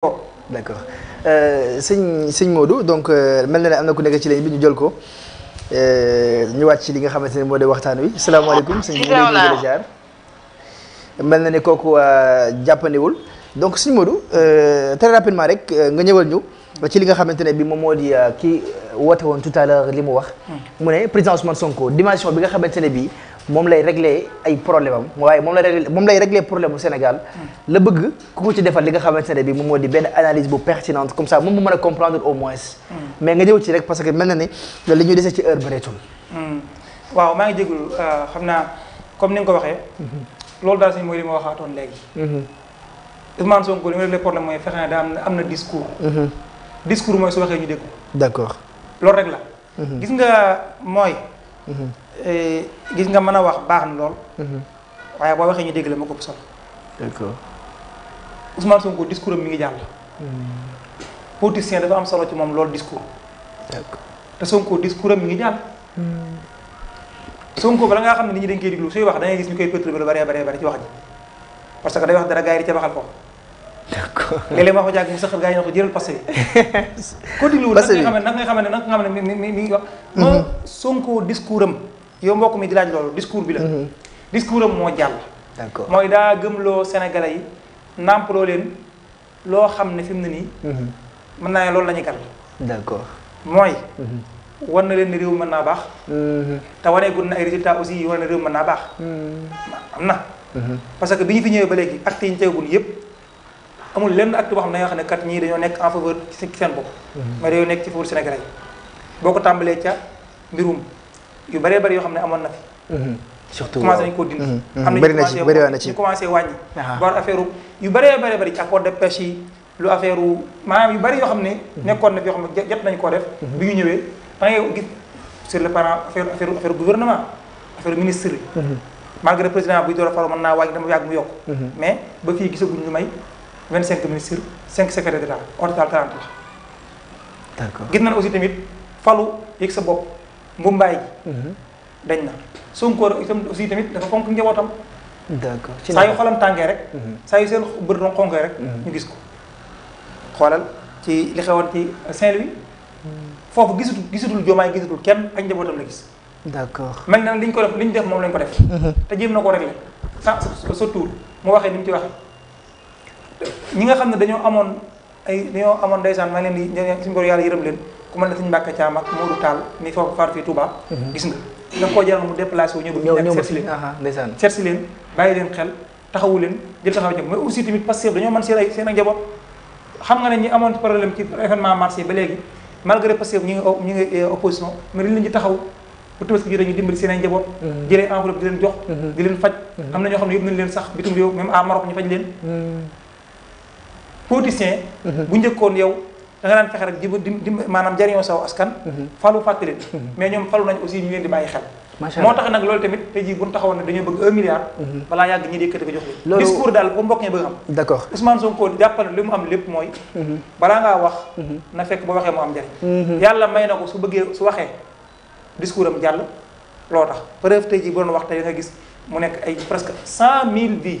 oh d' accord euh, sëñ sëñ Modou donc euh, mel na ne am na ku nekk ci ligne bi ñu jël ko euh, ñu wàcc ci li nga xamante ne moo de waxtaan wi salaamaaleykum. sëñ Modou ñu ngi jaar mel na ne kooku jàppandiwul donc sëñ Modou très rapidement rek nga ñëwal ñu ci li nga xamante ne bi moom moo di kii woote woon tout à l'heure li mu wax. Hmm. mu ne président Ousmane Sonko dimension bi nga xamante ne bii. moom lay réglé ay problème am waaye moom lay réglé moom lay réglé problème bu Sénégal hmm. la bëgg ku ko ci defal li nga xamante ne bi moom moo di benn analyse bu pertinente comme ça moom mu mën a comprendre au moins hmm. mais nga ñëw ci rek parce que mel na ni li ñu dese ci heure bëreetul hmm. waaw maa ngi jéglu euh, xam naa comme ni nga ko waxee loolu daal si mooy li ma waxaatoon léegi Ousmane ma li mu réglé problème mooy fexe na daa am na am na discours discours mooy su waxee ñu dégg d'accord loolu rek la gis nga mooy Eh, gis nga mën a wax baax na lool. Mhm. waaye boo waxee ñu dégg la ma ko solo. d'accord Ousmane Sonko discours am mi ngi jàll. Mhm. politicien dafa am solo ci moom lool discours. d'accord te Sonko discours am mi ngi jàll. Mhm. Sonko bala xam ne nit ñi dañ koy wax da ngay gis ñu koy perturbé lu bëree bëri wax ji parce que day wax ca baxal ko. d'accord léeg-léeg ko jàgg mu saxal gars yi na ko jëral ko dégluwul nag nga xam ne nag nga xam ne nag mi mi mi Sonko discours am. yow mbokk mi di laaj loolu discours bi la. Mhm. discours am moo jàll. d'accord mooy daa gëmloo Sénégalais yi nàmpaloo leen loo xam ne fi mu ne nii. Mhm. mën naa ne loolu lañuy ñuy gal. d'accord mooy. Mhm. war na leen ni réew mën naa baax. te waneegul na ay aussi yu wane ne réew mën naa baax. am na. parce que bi ñu fi ñëwee ba léegi actes yi ñu yëpp amul lenn acte boo xam ne xam ne kat ñii dañoo nekk en faveur ci seen bopp. nekk ci faveur Sénégalais yi boo ko tàmbalee ca mbirum. yu bëree bëri yoo xam ne amoon na fi. Mhm. surtout commencé nañ koo dindi. Mhm. bëri na ci bëri na ci am na commencé wàññi. boor affaire yu bëree bëri bëri ci accord de lu affaire maanaam yu bëri yoo xam ne. Mhm. nekkoon na fi yoo xam ne jot nañ koo def. bi ñu ñëwee da ngay gis sur le plan affaire affaire affaire gouvernement affaire ministre yi. malgré président naa wàññi dama yàgg mu yokk. mais ba fii gisaguñ lu may vingt cinq ministres cinq secrétaires d'État au total trente la. d'accord gis nañ aussi tamit falu yëg sa bopp mbaay gi. dañ na Sonko itam aussi tamit dafa fonk njabootam. d'accord ci saa yu xolam tàngee rek. Mhm. saa yu seen bët doon xonkee rek. Mhm. ñu gis ko xoolal ci li xewoon ci Saint-Louis. Mhm. foofu gisatul gisatul joomaay gisatul kenn ak njabootam la gis. d'accord mel na liñ ko def li def moom lañ ko def. te jéem na ko rek sans sa tour mu waxee ni mu ci waxee. ñi nga xam ne dañoo amoon ay dañoo amoon ndeysaan maa ngi leen di suñu borom yàlla yërëm leen. ku mën na sëñ Mbàkke Caam ak Modou Tall mi foofu far fii Touba. Mhm. gis nga daf koo jaral mu déplacé wu ñëw ñëw ñëw seet si leen ndeysaan seet si leen bàyyi leen xel taxawu leen jël taxaw jëm mais aussi tamit parce que dañoo mën seen ay xam nga ne ñi amoon problème ci événement marché ba léegi malgré parce que ñu ngi ñu eh, opposition mais dañ leen di taxaw bu tabaski jotee ñu dimbali seen ay njaboot mhm. jëlee enveloppe di leen jox mhm. di leen faj am na ñoo xam ne yóbbu nañ leen sax bitim réew même à Maroc ñu faj leen politicien bu njëkkoon yow da nga daan fexe rek jiba di maanaam jariñoo saw askan mhm. falu fàttali mhm. mais ñoom falu nañ aussi ñu leen di bàyyi xel moo tax nag loolu tamit tey jii bu ñu taxawoon ne dañoo bëgg un milliard mhm. balaa yàgg ñi di yëkkati ko jox leen discours daal bu mbokk ñi bëgg xam d'accord Ousmane Sonko jàppal li mu am lépp mooy balaa ngaa wax na fekk boo waxee mu am njariñ yàlla may na ko su bëggee su waxee discours am jàll loo tax preuve tey jii bu doon wax tey nga gis mu nekk ay presque cent mille vies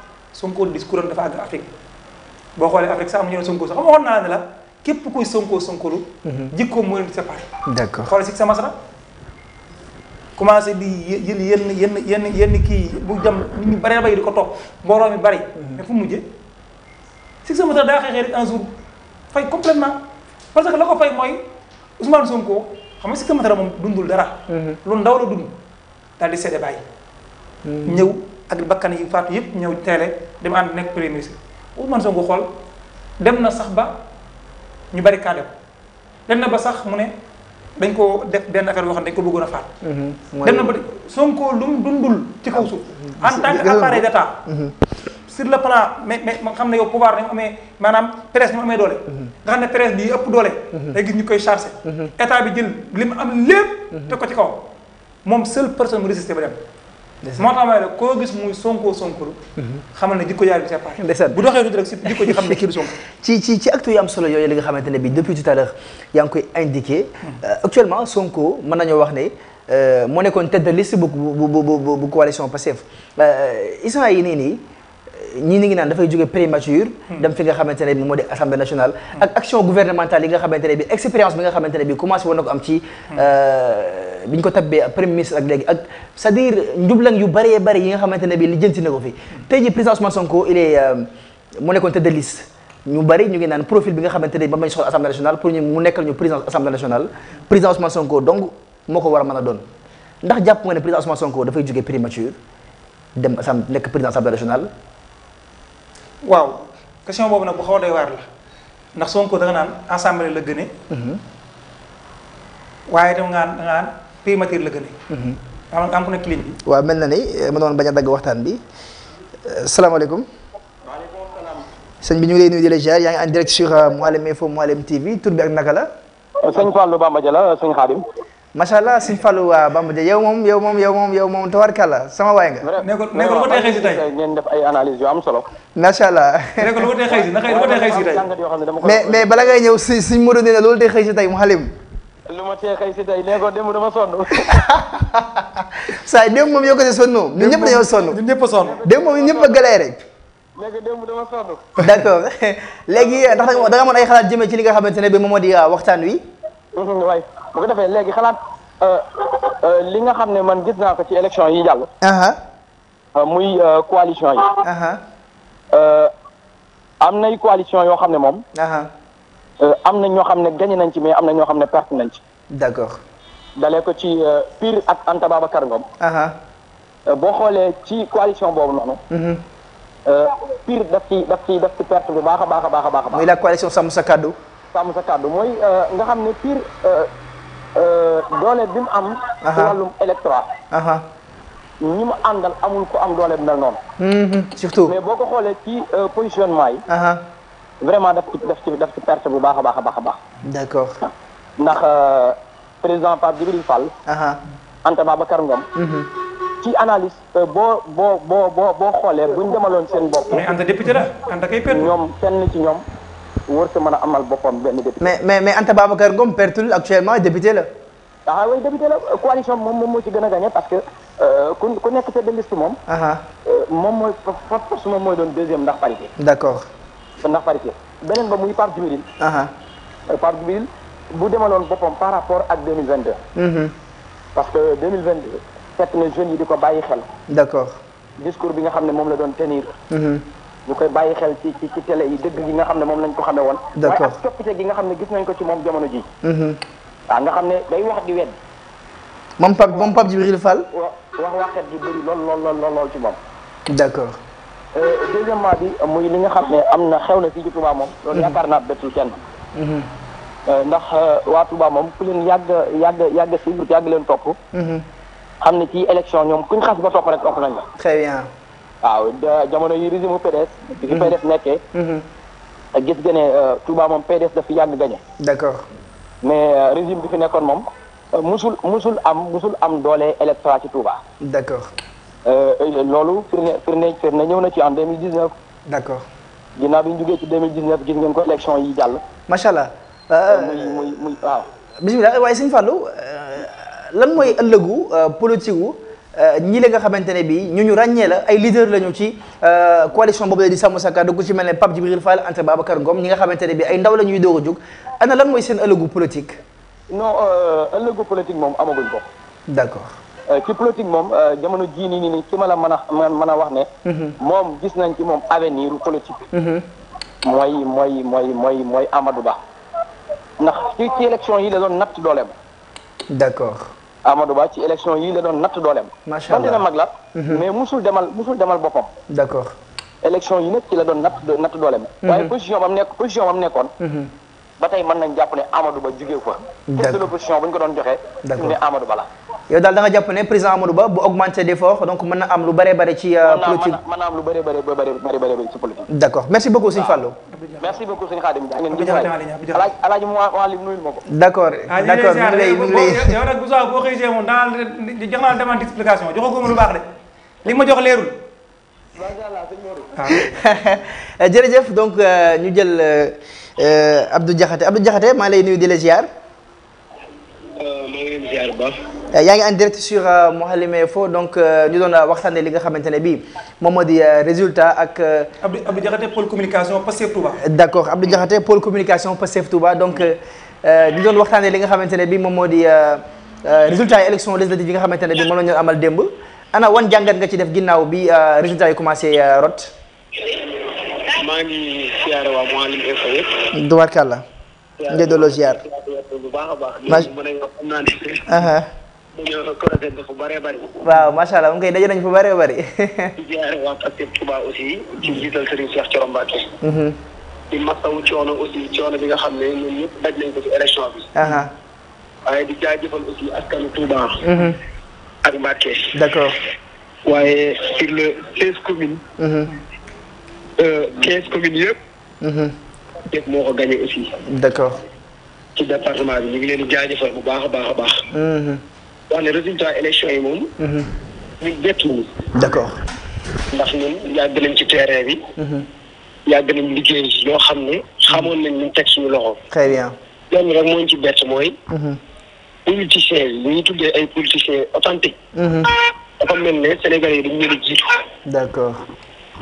Sonko discours am dafa àgg Afrique boo xoolee Afrique sax amuñu ne Sonko sax xam nga waxoon naa ne la képp kuy Sonko Sonkoru. Mhm. jikkoom moo leen di si sama sara commencé di yenn yenn yenn yenn kii bu jam nit ñu bëree bay di ko topp mbooloo mi bëri. Mhm. mu mujjee si sama sara daa fay complètement parce que la ko fay mooy Ousmane Sonko xam nga si sama sara moom dundul dara. Mhm. lu ndaw la dund daal di seede bàyyi. ñëw. ak bakkan yi faatu yëpp ñëw teele dem ànd nekk premier ministre Ousmane Sonko xool dem na sax ba ñu bari kaa dem dem na ba sax mu ne dañ koo def denn affaire boo xam ne dañ ko bëggoon a faat. Mhm, dem na ba Sonko lu mu dundul ci kaw su mhm, en tant que appareil d'État mhm. sur le plan mais mais ma xam ne yow pouvoir ni mu amee maanaam presse ni mu amee doole. nga xam ne presse bi ëpp doole. day gis ñu koy chargé. état bi jël li mu am lépp. teg ko ci kaw moom seule personne mu résisté moo tax waaye nag koo gis muy sonkoo sonkolu mhm. xamal ne jikko jaar bi c'est pareil ndeysaan bu doxee tuuti rek si jikko ji xam ne kii du sonk ci ci ci acte am solo yooyu li nga xamante ne bi depuis tout à l'heure yaa nga koy indiqué mhm. euh, actuellement Sonko mën nañoo wax ne euh, moo nekkoon tête de liste bu bu bu bu coalition Pastef euh, instant yi nii nii ñii ni ngi naan dafay jóge prémature dem fi nga xamante ne bi moo di assemblée nationale ak action gouvernementale yi nga xamante ne bi expérience bi nga xamante ne bi commencé woon na ko am ci euh, bi ñu ko tabbee premier ministre ak cest dire njublang yu baree bëri yi nga xamante ne bi li jënti na ko fi te ji président Ousmane Sonko il est euh, mu nekkoon tête de liste ñu bëri ñu ngi naan profil nga xamante ne bi moom la ñu soxla assemblée nationale pour ñu mu nekkal président assemblée nationale président Ousmane Sonko donc moo ko war a mën a doon ndax jàpp nga ne président Ousmane Sonko dafay jóge primature dem nekk président assemblée nationale waaw question boobu nag bu xaw a waar la ndax Sonko da nga naan assemblée la gëne mhm. waaye tam nga naan primature la gëne am mhm. am ku nekk ligne bi waaw mel na ni eh, ma doon bañ a dagg waxtaan bi eh, salaamaaleykum waaleykum salaam sëñ bi ñu ngi lay nuyu di la ziar yaa ngi en direct sur euh, Mouhalim Info Mouhalim TV tur bi ak naka la sëñ Fallou Bamba Dia la sëñ Khadim macha allah si Fallou waa ah, Bamba Dieng yow moom yow moom yow moom yow moom tawarkalla sama waay nga. ne ma def ay analyse yu am solo. macha allah. ne ko lu ma tey si na ma mais mais bala ngay ñëw si suñ Modou loolu tey xëy si tey mu xalim. lu saa yi moom yow ko si sonnoo. ñun ñëpp dañoo sonn ñun ñëpp a sonn. moom ñun a galéré. léegi démb dama sonn. d'accord léegi ndax da nga mën ay xalaat jëmee ci li nga xamante ne bi moom moo di ah, waxtaan wi. waay bu ko defee léegi xalaat euh, euh, li nga xam ne man gis naa ko ci élection yi jàll. Euh, muy coalition yi. am nay coalition yoo xam ne moom. am na ñoo xam ne gagné nañ ci mais am na ñoo xam ne perte nañ ci. d'accord dalee ko ci Pire ak Anta Babacar Ngom. boo xoolee ci coalition boobu noonu. Mhm. Pire daf ci daf ci daf ci perte bu baax a baax a baax a baax. muy la coalition Sàmm sa kàddu. a sa kàddu mooy nga xam ne Pire. Euh, doole bi mu am. ci wàllum électorat. ñi mu àndal amul ko am doole bu mel noonu. Mhm, surtout mais boo ko xoolee ci euh, positionnement yi. vraiment daf ci daf ci daf perte bu baax a baax a baax a baax. d'accord ndax euh, président Pape Djibril Fall. Anta Babacar Ngom. Mhm. ci analyse boo boo boo boo boo xoolee buñ demaloon seen bopp. mais Anta député la Anta kay perte. ñoom kenn ci ñoom. war sa mën a amal boppam benn député. mais mais mais Anta Babacar Ngom pertul actuellement député la. ah oui député la coalition moom moom moo ci gën a gagné parce que euh, ku ku nekk tête de liste moom. Ah ah. Euh, moom mooy force moom mooy doon deuxième ndax parité. d' accord. ndax parité beneen ba muy Pape Djibril. Ah euh, Pape Djibril bu par rapport ak 2022. Mm-hmm. parce que 2022 fekk na jeunes yi di ko bàyyi xel. d' accord discours bi nga xam ne moom la doon tenir. Mm-hmm. ñu koy bàyyi xel ci ci ci télé yi dëgg gi nga xam ne moom lañ ko xamee woon. d'accord waaye xam ne gis nañ ko ci moom jamono mm-hmm. ne day wax di wedd. moom Pape moom Pape Djibril Fall. wa wax waxet ji bëri lool lool lool lool ci moom. d'accord. Euh, deuxièmement bi muy li nga xam ne am na xew na fii ci moom. loolu mm-hmm. yaakaar naa bettul kenn. Mm-hmm. Euh, ndax euh, waa Touba moom ku leen yàgg yàgg yàgg si yàgg leen topp. xam ne ci élection ñoom kuñ xas ba topp rek topp nañ la. très bien. waaw jamono yi régime PDS. bi fi PDS nekkee. Mhm. gis nga ne euh, Touba moom PDS daf fi yàgg gañe. d'accord mais euh, régime bi fi nekkoon moom euh, musul musul am musul am doole électorat ci Touba. d'accord. loolu firnde firnde firnde ñëw na ci en 2019. d'accord ginnaaw bi ñu jugee ci 2019 gis ngeen ko élection yi jàll. macha allah. muy muy muy waaw. bisimilah waaye Sëñ Fallou lan mooy ëllëgu politique wu. Euh, ñi la nga xamante ne bii ñu ñu ràññee la ay leader lañu ci euh, coalition boobu la di sàmm sa kàddu ku ci mel ne Pape Djibril Fall Anta Babacar Ngom ñi nga xamante ne bii ay ndaw la ñuy doog a jóg ana lan mooy seen ëllëgu politique. non euh, ëllëgu politique moom amaguñ ko. d'accord. ci politique moom jamono jii nii nii ki ma la mën a mën a wax ne. Mhm. moom gis nañ ci moom avenir politique. Mhm. mooy mooy mooy mooy mooy Amadou Ba. ndax ci ci élection yi la doon natt dooleem. d'accord. Amadou Ba ci élection yii la doon natt dooleem. macha allah dina mag la. Mhm. mais musul demal musul demal boppam. d' accord élection yi nag ci la doon natt natt dooleem. Mhm. waaye position a nekk position bam nekkoon. Mhm. ba tey mën nañ jàpp ne Amadou Ba jugee fa. dëgg ñu ko doon joxe d' accord ne Amadou Ba la. yow daal da nga jàpp ne président Amadou Ba bu augmenté d'effort donc mën na am lu bëree bëri ci. Euh, politique mën d' merci beaucoup Sëñ Fallou. merci beaucoup sëñ jox naa demande explication joxoo ko lu baax de li ma jox leerul. Ah. jërëjëf donc euh, ñu jël euh, Eh, Abdou Diakhaté Abdou Diakhaté maa lay nuyu di la ziar. Euh, maa ngi an bu baax. Eh, yaa ngi en direct sur euh, Mouhalim Info donc euh, ñu doon waxtaanee li nga xamante ne bii moom moo di résultat ak. Abdou Abdou Diakhaté pôle communication Pastef Touba. d' accord Abdou Diakhaté pôle communication donc ñu waxtaanee li nga xamante ne bii moom moo di résultat yi élection législative yi nga xamante ne bii moom la ñu amal démb ana wan jàngat nga ci def ginnaaw bi résultat yi commencé rot. maa ngi siyaare waa Mouhalim Info yëpp. Dubarkalla. ngeen doon ziar. bu baax a baax. a xam naa ne. dañoo croisé fu bëree bëri. waaw macha allah mu ngi koy daje nañu fu bëree bëri. di ziare waa Pastef Touba aussi. ci mhm. bi nga xam ne ñun ñëpp daj nañ ko ci élection bi. waaye di jaajëfal aussi askanu Touba. Mhm. ak Mbacké. d'accord. waaye sur les seize communes. Mhm. Euh, quinze communes yëpp. Mhm. yëpp moo ko gagné aussi. d'accord. ci département bi ñu ngi leen di jaajëfal bu baax a baax a baax. Mhm. ne résultat élection yi moom. Mhm. ñu bett ñu. d'accord. ndax ñun yàgg nañ ci terrain bi. yàgg nañ liggéey ci loo xam ne xamoon nañ ñu teg suñu loxo. très bien. loolu rek ci bett mooy. politiciens yi ñu tuddee ay politiciens authentiques. dafa mel ne Sénégalais yi dañu leen a d'accord.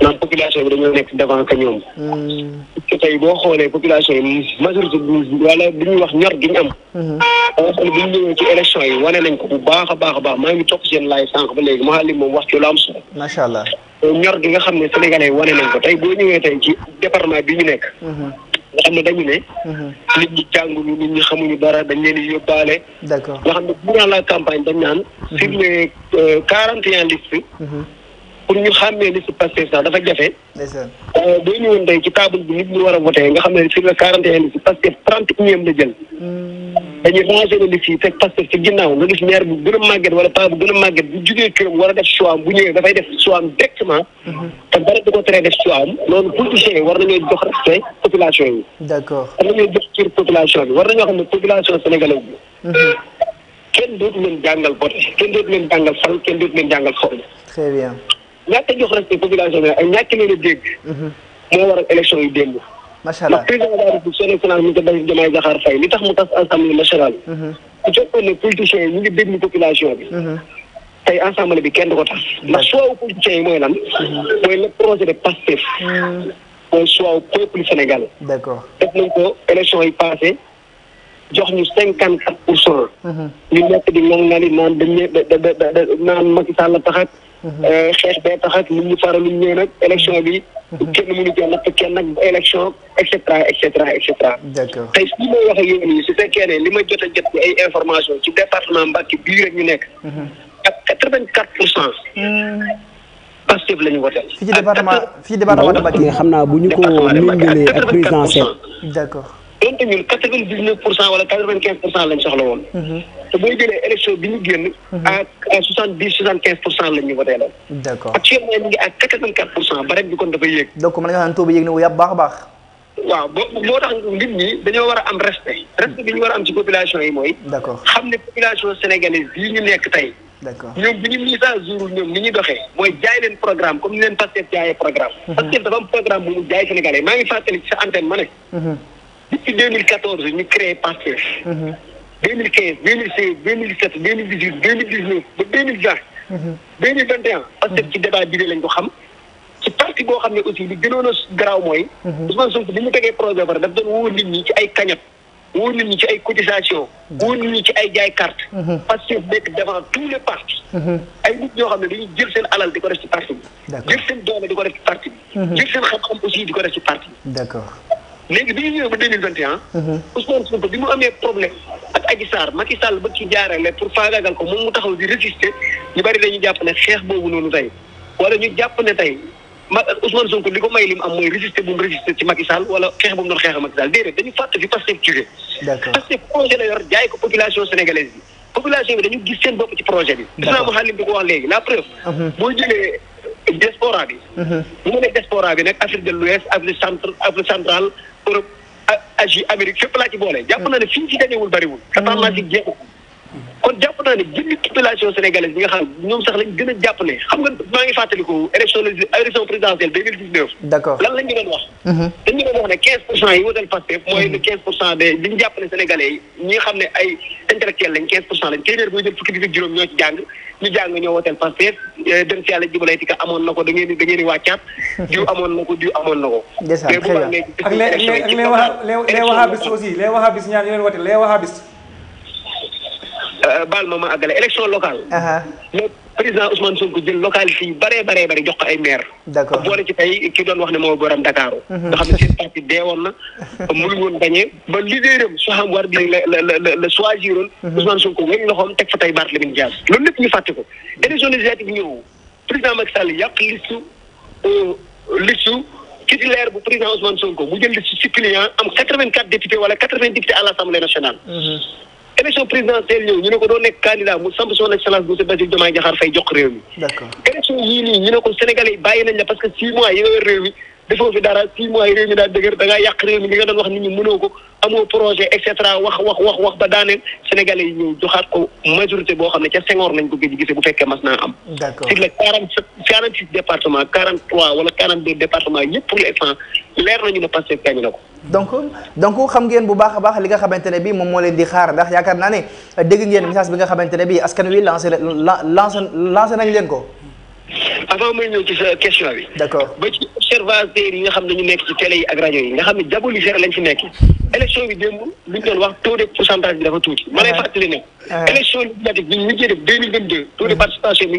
naan population bi dañoo nekk devant que ñoom. te hmm. tey boo xoolee population yi majorité wala bu ñuy wax ñor gi ñu am. Hmm. boo xoolee bu ñu ci élection yi wane nañ ko bu baax a baax a baax maa ngi topp seen laay sànq ba léegi maa li moom wax ci lu am solo. macha allah euh, ñor gi nga xam ne sénégalais yi wane nañ ko tey boo ñëwee tey ci département bi ñu nekk. Hmm. nga xam ne dañu ne. nit ñi jànguñu nit ñi xamuñu dara dañ leen di yóbbaale. d'accord nga xam ne durant dañ naan. sur euh, les quarante et pour ñu xàmmee liste Pastef sax dafa jafe. Euh, boo ñëwoon tey ci table bi nit ñi war a voté nga xam ne sur le quarante et un liste Pastef trente et unième la jël. Hmm. dañuy rangé na liste yi teg ci ginnaaw nga gis maire gën a màgget wala paa bu gën a màgget bu jugee këram war a def choix am bu ñëwee dafay def choix am directement. Hmm. te dara du ko teree def choix am. loolu politiciens yi war nañoo jox respect population yi. d'accord war nañoo jox cër population bi war na nañoo xam ne population sénégalaise bi. Hmm. kenn dootu leen jàngal voté kenn dootu leen jàngal fal kenn dootu leen jàngal xool. ñàkk a jox respect population bi ak ñàkk leen a dégg. Mhm. moo waral élection yu démb. macha allah ndax président a la République soo nekk finance ministre Bassirou Diomaye Diakhar Faye li tax mu tas assemblée nationale. Mhm. bu fekkoon ne politiciens yi ñu ngi déglu population bi. Mhm. tey ensemble bi kenn du ko tas. ndax choix wu politiciens yi mooy lan. mooy le projet de Pastef. mooy choix wu peuple Sénégal. d'accord def nañ ko élection yi passé jox ñu cinquante quatre pour cent. ñu nekk di naan naan naan dañ taxat. Euh, xeex bee tax mu nit ñi lu ñu nag élection bi. Mhm. kenn mënu cee natt kenn nag élection et cetera et cetera et cetera. d'accord tey su ma wax ak yow nii su fekkee ne li ma jot a jot ci ay information ci département Mbacké bii rek ñu nekk. Mhm. a quatre-vingt-quatre pour cent. Mhm. Pastef la ñu wote. fii ci département fii ci département Mbacké. xam naa bu ñu ko méngalee ak président Seck. d'accord. donte ñun quatre vingt dix neuf pour cent wala quatre vingt quinze pour cent lañ soxla woon. Mhm. te boo jëlee élection bi ñu génn. Mhm. à soixante dix soixante quinze pour cent lañ ñu voté lool. d' accord actuellement ñu quatre vingt quatre pour cent ba bi kon dafa yéeg. donc mën nga xam ne taux bi yéeg war am respect. respect bi ñu war am ci population yi mooy. d' xam ne population sénégalaise yi ñu nekk tey. d' accord ñoom bi ñu mise ni mhm. sa antenne ma depuis 2014 ñu créé Pastef. 2015 2016 2017 2018 2019 ba 2020. 2021 mhm. Pastef ci débat bi lañ ko xam. ci parti boo xam ne aussi li gënoon a garaaw mooy. Mhm. Ousmane Sonko bi ñu tegee projet ba daf doon woo nit ñi ci ay kañat. woo nit ñi ci ay cotisation mhm. woo nit ñi ci ay jaay carte. Pastef nekk devant tous les partis. ay nit ñoo xam ne dañuy jël seen alal di ko def ci parti bi. jël seen doole di ko def ci parti bi. jël seen xam-xam aussi di ko def ci parti bi. d'accord. léegi bi ñu ñëwee ba deux mille vingt et un. Mhm. Ousmane Sonko bi mu amee problème ak Adji Sarr Macky Sall ba ci jaarale pour faagaagal ko moom mu taxaw di résister ñu bari dañu jàpp ne xeex boobu noonu tey wala ñu jàpp ne tey ma Ousmane Sonko li ko may li mu am mooy résister bu mu résister ci Macky Sall wala xeex bu mu doon xeexal Macky Sall déedéet dañu fàtte fi Pastef jugee. projet la yor jaay ko population sénégalaise bi population bi dañu gis seen bopp ci projet bi. d'accord Islam Xalim bi ko wax léegi la preuve. Mhm. boo jëlee diaspora bi. Mhm. mu ne diaspora bi nag Europe a Amérique fépp laa ci boole. jàpp naa ne fi ñu ci gañewul bariwul. xataa mm. naa ci jeexu kon jàpp naa ne jënd population sénégalaise bi xam ñoom gën a jàpp xam nga maa ngi fàttaliku élection élection présidentielle deux d'accord lan lañ ñu doon wax. Mm-hmm. dañ ñu doon wax ne quinze pour cent yi mooy mm-hmm. le quinze pour cent des li ñu jàpp ne xam ne ay intellectuels lañ quinze pour cent lañ téeméer buy jël fukki nit ak juróom ñoo ci jàng ñu jàng ñoo woteel Pastef eh, dem si yàlla jibalay tika amoon na ko da ngeen di da ngeen diw amoon na ko diw amoon na ko mais bu ma nee ak les wahabis aussi les wahabis ñaar ñu leen woteel les wahabis euh, baal ma ma àggale élection locale uh-huh. président Ousmane Sonko jël localité yi bare bare bare jox ko ay maire d'accord boole ci tey ki doon wax ne moo borom Dakar mhm. nga xam ne seen parti deewoon na mënu woon gañee ba leaderam Soham Wardini la la la la choisiroon mhm. Ousmane Sonko weñ loxoom teg fa tey Barthélémy Dias loolu lépp ñu fàtte ko élection législative ñëw président Macky yàq listu euh, listu titulaire bu président Ousmane Sonko mu jël listu suppléant am quatre-vingt-quatre députés wala quatre-vingts élection présidentielle ñëw ñu ne ko doo nekk candidat mu samp son excellence monsieur Bassirou Diomaye Diakhar Faye jox réew mi. d'accord ñu ne ko sénégalais yi bàyyi nañ la parce que six mois yi defoo fi a six mois yi réew mi daa dëgër da ngaa yàq mi li nga doon wax nit ñi mënoo ko amoo projet et wax wax wax wax ba daaneel sénégalais yi ñëw joxaat ko majorité boo xam ne ca Senghor lañ ko gëj gisee bu fekkee mas naa am sur les quarante sept quarante trois wala quarante deux département yëpp pour l'instant leer nañu ne Pastef gañ na ko donc donc xam ngeen bu baax a baax li nga xamante ne bi moom moo leen di xaar ndax yaakaar naa ne dégg ngeen message bi nga xamante ne bi askan wi nañ leen ko avant may ñëw ci sa question bi. d'accord ba ci observateurs yi nga xam ne ñu nekk ci télé yi ak rajo yi nga xam ne diabolisé lañ ci nekk. élection bi démb lu doon wax taux de pourcentage bi dafa tuuti. ma lay fàttali ne. Mm.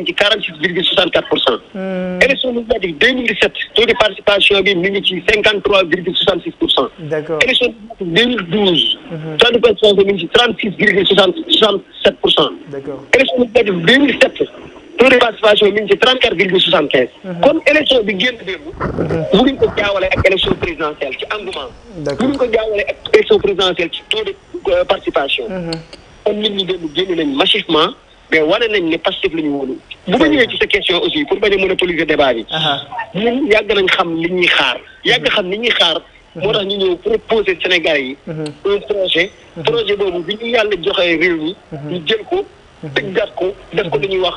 ci quarante six virgule soixante quatre pour cent. Mm. élection législative deux de participation bi mi ngi ci cinquante trois virgule soixante six pour cent. d'accord élection législative mm-hmm. de participation mi ngi ci trente six virgule soixante soixante taux de participation mi ngi ci trente quatre soixante quinze. Mhm. kon élection bi génn démb. Mhm. mënuñ ko jaawale ak élection présidentielle ci engouement. d'accord mënuñ ko jaawale ak élection présidentielle ci taux de euh, participation. Mhm. kon nit ñi démb génn nañ massivement mais wane nañ ne Pastef la ñu wóolu. bu ma ñëwee ci sa question aussi pour bañ a monopoliser débat bi. ñun yàgg nañ xam li ñuy xaar. yàgg xam li ñuy xaar. moo tax ñu ñëw proposer Sénégalais yi. un projet. projet boobu bi ñu yàlla joxee réew mi. ñu jël ko. tëggaat ko def ko li ñuy wax.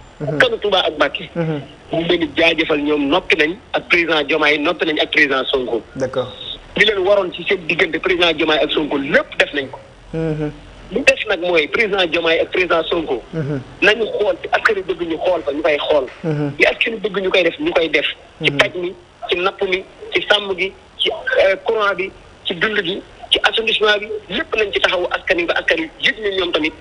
Mhm. kanu Touba ak Mbacké mu mhm. leen di jaajëfal ñoom noppi nañ ak président Diomaye noppi nañ ak président Sonko d'accord li leen waroon ci seen diggante président Diomaye ak Sonko lépp def nañ ko mhm. lu def nag mooy président Diomaye ak président Sonko nañu xool ci askan wi bëgg ñu xool fa ñu koy bëgg ñu koy def ñu koy def ci paj mi ci napp mi ci sàmm gi ci euh, courant bi ci dund gi ci assainissement bi lépp nañ ci taxawu askan wi ba askan wi ñu ñoom tamit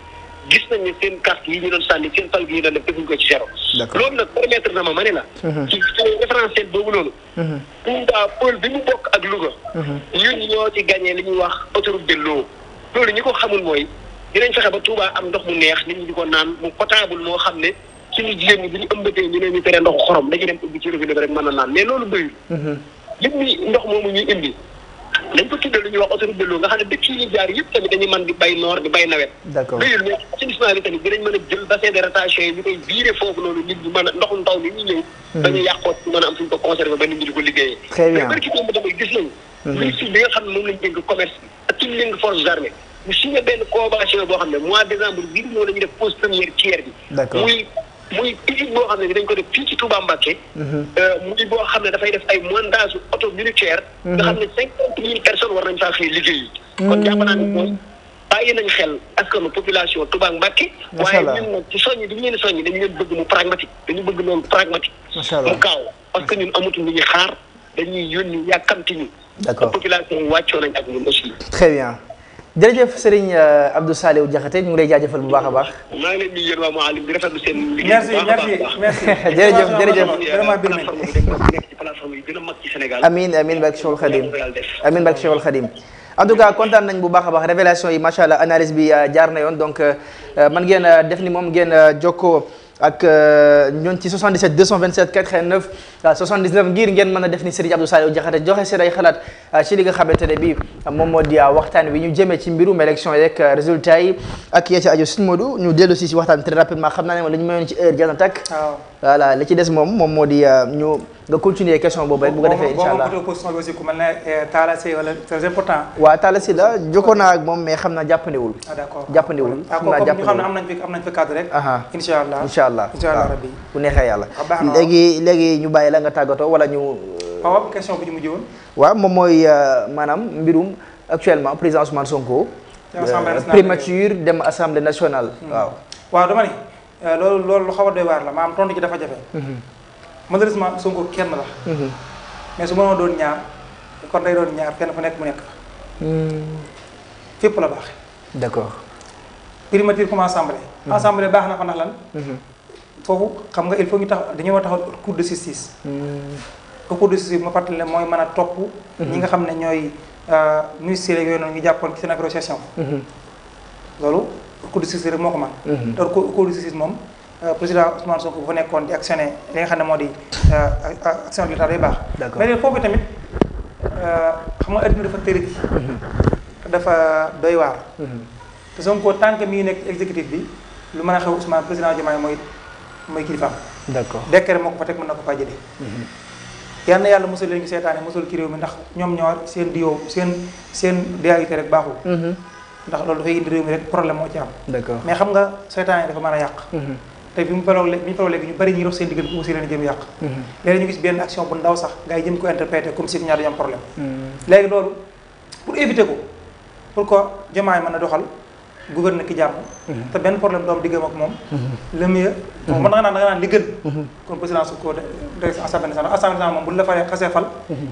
gis nañ ne seen carte yi ñu doon sànni seen fal gi doon def defuñ ko ci zéro. loolu nag permettre na ma ma ne la. Uh-huh. ci référence seen boobu uh-huh. mu bokk ak Louga. Uh-huh. ñun ñoo li ñuy wax autoroute de l'eau loolu ñi ko xamul mooy dinañ fexe ba Touba am ndox mu neex nit ñu di ko naan mu potable moo xam ne suñu jigéen ñi bu ñu ëmbatee ñu ne ñu tere ndoxu xorom dañuy dem ubbi ci robinet bi rek mën a naan mais loolu doyul. nit ñi ndox moomu ñuy indi. dañ ko tuddee lu ñuy wax autoroute de l'eau nga xam ne dëkk yi ñu jaar yëpp tamit dañuy mën di bay noor di bay nawet béyul mais assainissement bi tamit dinañ mën a jël bassin de rétention yi ñu koy biire foofu noonu nit ñi mën a ndoxu ndaw mi ñu ñëw dañu hmm. yàqoot mën a am suñ ko conservé ba nit ñi di ko liggéeyee mais barki moom damay gis nañu ministre hmm. bi nga xam ne moom lañ dénk commerce bi ak ki ñu dénk forces armées ñu signé benn convention boo xam ne mois décembre bii moo la ñu def pause première tiers bi muy usine boo xam ne dañ ko def fii ci Touba Mbacké. Mhm. Euh, muy boo xam ne dafay def ay montage auto militaire. Mhm. nga xam ne cinquante mille personnes war nañ faa xëy liggéeyi. Mhm. kon jàpp naa ne mooy bàyyi nañ xel askanu population Touba tubaak macha allah waaye ñun nag ci soññi bi ñu leen soññi dañu leen bëgg mu pragmatique dañu bëgg loolu pragmatique. macha allah mu gaaw parce que ñun amatuñ lu ñuy xaar dañuy yónni yàkkamti ñu. d'accord population wàccoo nañ ak ñun aussi. très bien. jërëjëf Serigne euh, Abdou Saliou Diakhaté ñu ngi lay jaajëfal bu baax a baax. maa ngi leen di yéen waa Mouhalim di rafetlu seen liggéey bu baax a baax jërëjëf jërëjëf bi nekk ci plateforme yi gën a mag ci Sénégal. amiin amiin barke en tout cas kontaan nañ bu baax a baax révélation yi macha allah analyse bi euh, jaar na yoon donc euh, man ngeen def ni moom ngeen jokkoo ak euh, ñoon ci 77 227 89 79 ngir ngeen mën a def ni Serigne Abdou Saliou Diakhaté joxe seen ay xalaat euh, ci li nga xamante ne bi moom moo di euh, waxtaan wi ñu jëmee ci mbirum élection yeeg résultat yi ak yee ci aju Serigne Modou ñu dellu si waxtaan bi rapidement xam naa ne moom la ñu mayoon ci heure jana takk voilà li ci des moom moom moo di ñu nga continuer question boobu rek bu ko defee incha allah boo position bi eh, la jokkoo ak moom mais xam naa jàppandiwul. ah d'accord jàppandiwul. Ah, xam naa jàppandiwul am nañ fi am nañ fi cadre rek. incha allah incha allah incha allah ah, rabbi bu neexee ah, léegi léegi bàyyi la nga tàggatoo wala ñu. Euh, waaw question bu ñu woon. waaw moom mooy euh, maanaam mbirum actuellement président Ousmane Sonko. primature dem assemblée nationale. Hmm. waaw waaw dama ni euh, loolu loolu lu xaw a doy waar la maanaam tontu ci dafa jafe. Hmm. malheureusement Sonko kenn la. Mhm. mais su mënoo doon ñaar kon day doon ñaar kenn fu nekk mu nekk hmm. fa. la baaxee. d' accord. primature comme assemblée. Mhm. assemblée baax na fa ndax lan. Mhm. foofu xam nga il faut ñu tax dañoo war a taxaw cour de justice. Hmm. cour de justice ma fàttali mooy mën a topp. ñi nga xam ne ñooy euh, ministère yooyu noonu ñu jàppoon ci seen agrégation. loolu cour de justice rek moo ko mën. te cour de justice moom. Euh, président Ousmane ko bu fa nekkoon di actionné li nga xam ne moo di euh, action de l'État day baax. mais léegi foofu tamit euh, xam nga adduna dafa tëri mm-hmm. dafa doy waar. Mm-hmm. te Sonko tant que mi ngi nekk exécutif bi lu mën a xew Ousmane président Diomaye mooy mooy kilifaam. d' accord moo ko fa teg mën na ko faa jëlee. Mm-hmm. yal yàlla mosul leen ñu seetaane mosul ci réew mi ndax ñoom ñoor seen diwo seen seen DAUT rek baaxul. ndax loolu dafay indi réew mi rek problème moo ci am. mais xam nga seetaane dafa mën a yàq. te bi mu faloo bi ñu faloo léegi ñu bëri ñuy rox seen diggante aussi leen jëm yàq mhm. léegi ñu gis benn action bu ndaw sax gars jëm ko interpréter comme si ñaar dañu am problème mhm. léegi loolu pour éviter ko pour que Diomaye mën a doxal gouverneur ki jàmm te benn problème doom diggam ak moom mhm. le mieux moom mën nga naan da nga naan li gën kon sa su ko def assemblée nationale assemblée nationale moom bu la falee xasee fal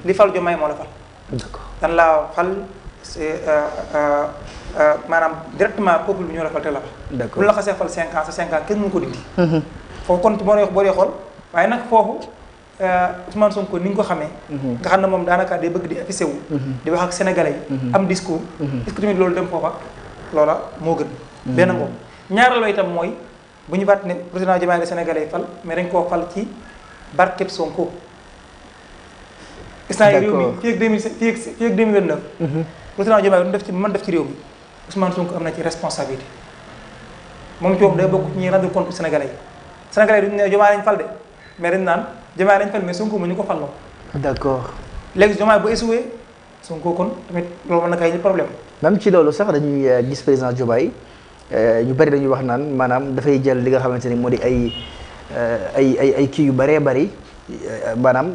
li fal Diomaye moo la fal dan c'est euh, euh, euh, maanaam directement peuple bi ñu la fal te la fal. d'accord bu la xasee fal 5 ans sa 5 ans ko dindi. Mhm. foofu kon boo dee boo dee xool waaye nag foofu Ousmane Sonko ni nga ko xamee. Mhm. nga xam ne moom daanaka day bëgg di affiché wu. Mhm. di wax ak sénégalais yi. am discours. est-ce que tamit loolu dem foofa loola moo gën. benn ngoog ñaareelu itam mooy bu ñu baat ne président Diomaye sénégalais yi fal mais dañ koo fal ci barkeb Sonko. d'accord instant yii réew mi fii ak deux mille fii ak deux mille vingt président Diomaye lu def ci man def ci réew mi Ousmane Sonko am na ci responsabilité moom ci bopp day bokk ci ñuy rendre compte Sénégalais yi Sénégalais yi duñu ne Diomaye lañ fal de mais dañ naan Diomaye lañ fal mais Sonko mu ñu ko fal loo d'accord léegi Diomaye bu échoué Sonko kon tamit loolu mën na kay problème même ci loolu sax dañuy euh, gis président Diomaye euh, ñu bari dañuy wax naan maanaam dafay jël li nga xamante ni moo di ay euh, ay ay kii yu bëree bari maanaam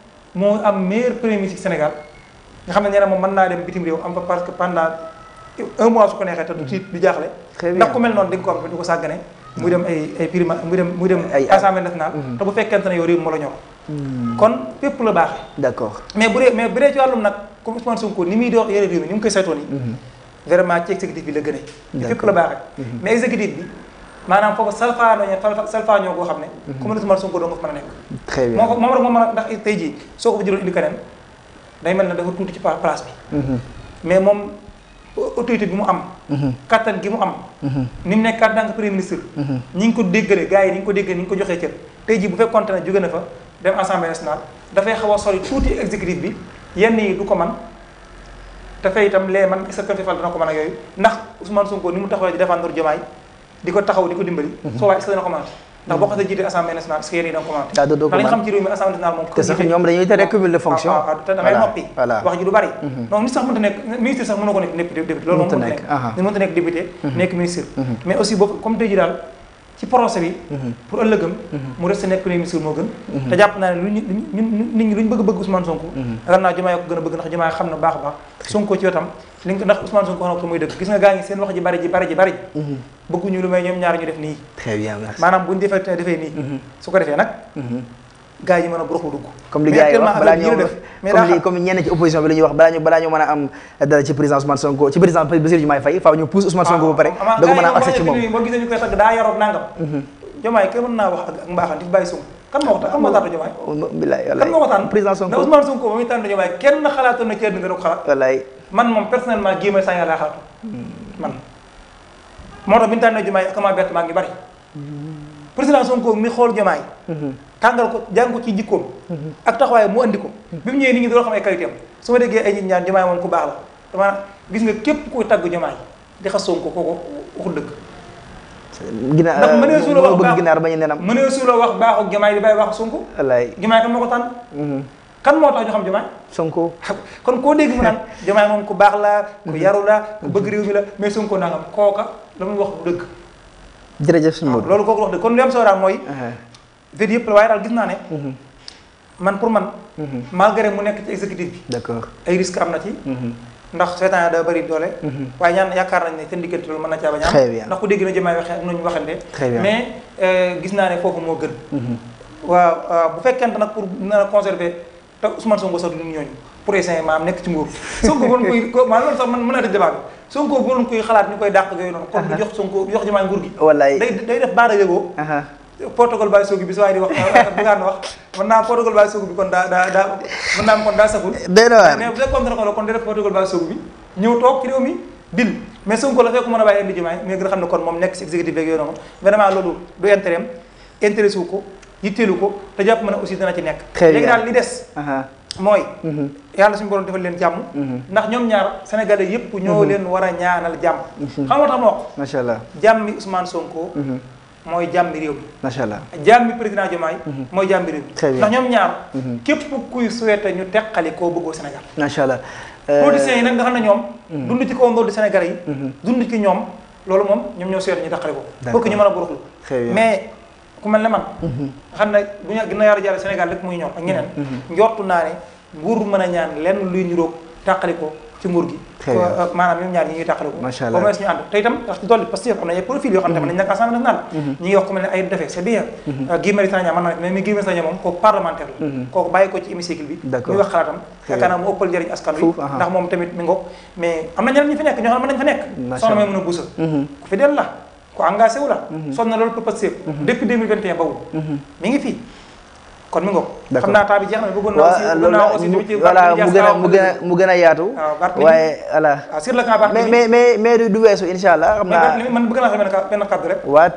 moo am meilleur premier ministre ci Sénégal nga xam ne nee moom man naa dem bitim réew am fa parce que pendant un mois su ko neexee te du tiit du jaaxle. ndax ku mel noonu di ko am du ko sàggane. muy dem ay ay prima muy dem muy dem. ay assemblée mm-hmm. te bu fekkente ne yow réew moo la ñor. Mm-hmm. kon fépp la baaxee. d'accord mais bu dee mais bu dee ci wàllum nag comme Ousmane Sonko ni muy dox yore réew mi ni mu koy saytoo nii. Mm-hmm. vraiment ci exécutif bi la gënee. d'accord mais exécutif bi. maanaam foofu salfaanoo ña salfaanoo xam ne mhm. communauté mal Sonko doo nga fa mën a nekk très bien moom moom rek moo mën a ndax tey jii soo ci place bi mhm. mais moom autorité bi mu am mhm. kattan gi mu am ni mu nekk en tant que premier ministre ñi ngi ko déggalee gars yi ni ñu ko déggalee ko joxee cër tey bu fekkoon ne jóge na fa dafay xaw a sori tuuti exécutif bi yenn yi du ko man dafay itam lee man sa kër ko mën yooyu ndax Ousmane Sonko ni mu taxawee di défendre Diomaye di ko taxaw di ko dimbali mhm. soo waaye est-ce que ndax boo xasee jiite assemblée yi danga commenté ndax dañ xam ci réew te sax ñoom dañuy tere cumul de fonction te dangay wax ji du bari donc mhm. nit sax mënta nekk ministre sax mënoo ko nekk député loolu moom mënta nekk mënta nekk député mhm. nekk ministre mais aussi boobu comme tey ji daal ci procès bi. Mhm. pour ëllëgam. Mhm. mu resté nekk premier ministre moo gën. Mhm. te jàpp naa lu ñu nit ñi lu ñu bëgg bëgg Ousmane Sonko. ragal naa Diomaye ko gën a bëgg ndax Diomaye xam na baax baax. Sonko ci wetam li ndax Ousmane Sonko wax na muy dëgg gis nga gaa ngi seen wax ji bari ji bari ji bari. bëgguñu lu may ñoom ñaar ñu def nii. très bien merci maanaam buñ defee nii. su ko defee nag. gaa yi mën a boroxu dugg comme li gars yi wax balaa balaa ñu balaa a am dara ci président Ousmane Sonko ci président ba pare ah, ah, doog mën a ñu koy tagg daa mhm. ko tànn kan oh, kan moo ko tànn président na ci àddina bett maa ngi bari hmm. président Sonko mi xool Diomaye hmm. tàngal ko jàng ko ci jikkoom mm-hmm. ak taxawaay mu andi ko mm-hmm. bi mu ñëwee nit ñi doo xam ay qualité su ma déggee ay nit ñaan jomaay moom ku baax la dama gis nga képp kuy tàgg jomaay di xas Sonko kooku waxul dëgg ginaar ndax mënee suula wax bëgg ginaar bañu nenam mënee suula wax baaxu jomaay di bàyyi wax Sonko wallaay jomaay kan moo ko mm-hmm. kan moo tax ñu xam jomaay Sonko kon koo dégg mu naan jomaay ku baax la ku yaru la ku bëgg réew mi la mais Sonko nangam kooka la muy wax bu dëgg jërëjëf suñu loolu kooku wax dëgg kon li am soo mooy uh-huh. vidéo yëpp la waaye daal gis naa ne. Mhm. man pour man. Mhm. malgré mu nekk ci exécutif bi. d'accord ay risque am na ci. Mhm. ndax seetaan daa bëri doole. waaye ñaan yaakaar nañ ne seen diggante loolu mën na caa bañ a ndax ku dégg na jëmaay waxee ak nu ñu mais euh, gis naa ne foofu moo gën. waaw bu fekkente nag pour na conserver te Ousmane Sonko sax du ñooñu pour essayer maam nekk ci nguur Sonko bu doon koy ko maanaam loolu sax man mën naa di débat bi Sonko bu doon xalaat ñu koy dàq yooyu noonu. kon du jox Sonko jox protocole Baye Sougou bi su waay di wax Bougane wax mën naa protocole Baye kon daa saful. day mais bu ko la kon bi ñëw toog ci réew mi dil mais Sonko la fekk mën a bàyyi indi jumaay mais gën a xam ne kon moom nekk si exécutif beeg yooyu noonu vraiment loolu ma mooy. Mhm. yàlla suñu borom defal leen jàmm. Mhm. ndax ñoom ñaar sénégalais yëpp ñoo mhm. leen war a ñaanal jàmm. xam nga tax ma wax. allah jàmm mi Ousmane Sonko. mooy jàmmi réew mi. macha allah jàmmi président Diomaye. Mhm. mooy jàmmi réew ndax ñoom ñaar. Mhm. képp kuy souhaité ñu teqali koo bëggoo Sénégal. macha allah. Euh, politiciens yi nag nga xam ne ñoom. Mhm. dund ci kaw ndóol Sénégal yi. dund ci ñoom loolu moom ñoom ñoo souhaité ñu teqali ko. pour que ñu mën a buruxlu. mais ku mel ne man. xam ne bu ñu gën a yaaru jaare Sénégal rek muy ñoom ak ñeneen. njortu naa ne nguur mën a ñaan lenn luy niroog teqali ko. ci nguur gi euh, maanaam ñoom ñaar ñi ngi tàqale ko macha allah ànd te itam wax ci dolli parce que na ay profil ne mm-hmm. mm-hmm. mm-hmm. euh, naa mais mi Guy Marius askan wi ndax moom tamit mi ngoog mais am na ñeneen ñi fi nekk ñoo xam mën nañ fa nekk soxna may mën a buusa ku fi del la ku engagé la sonn na loolu pour Pastef depuis 2021 boobu mi ngi fii kon mi ngoog xam naa temps bi jeex na bëggoon naa aussi bëggoon naa aussi mu gën a mu gën a mu gën a yaatu ah, waaye voilà ah, sur mais mais mais du weesu incha allah xam naa man bëgg naa sax benn benn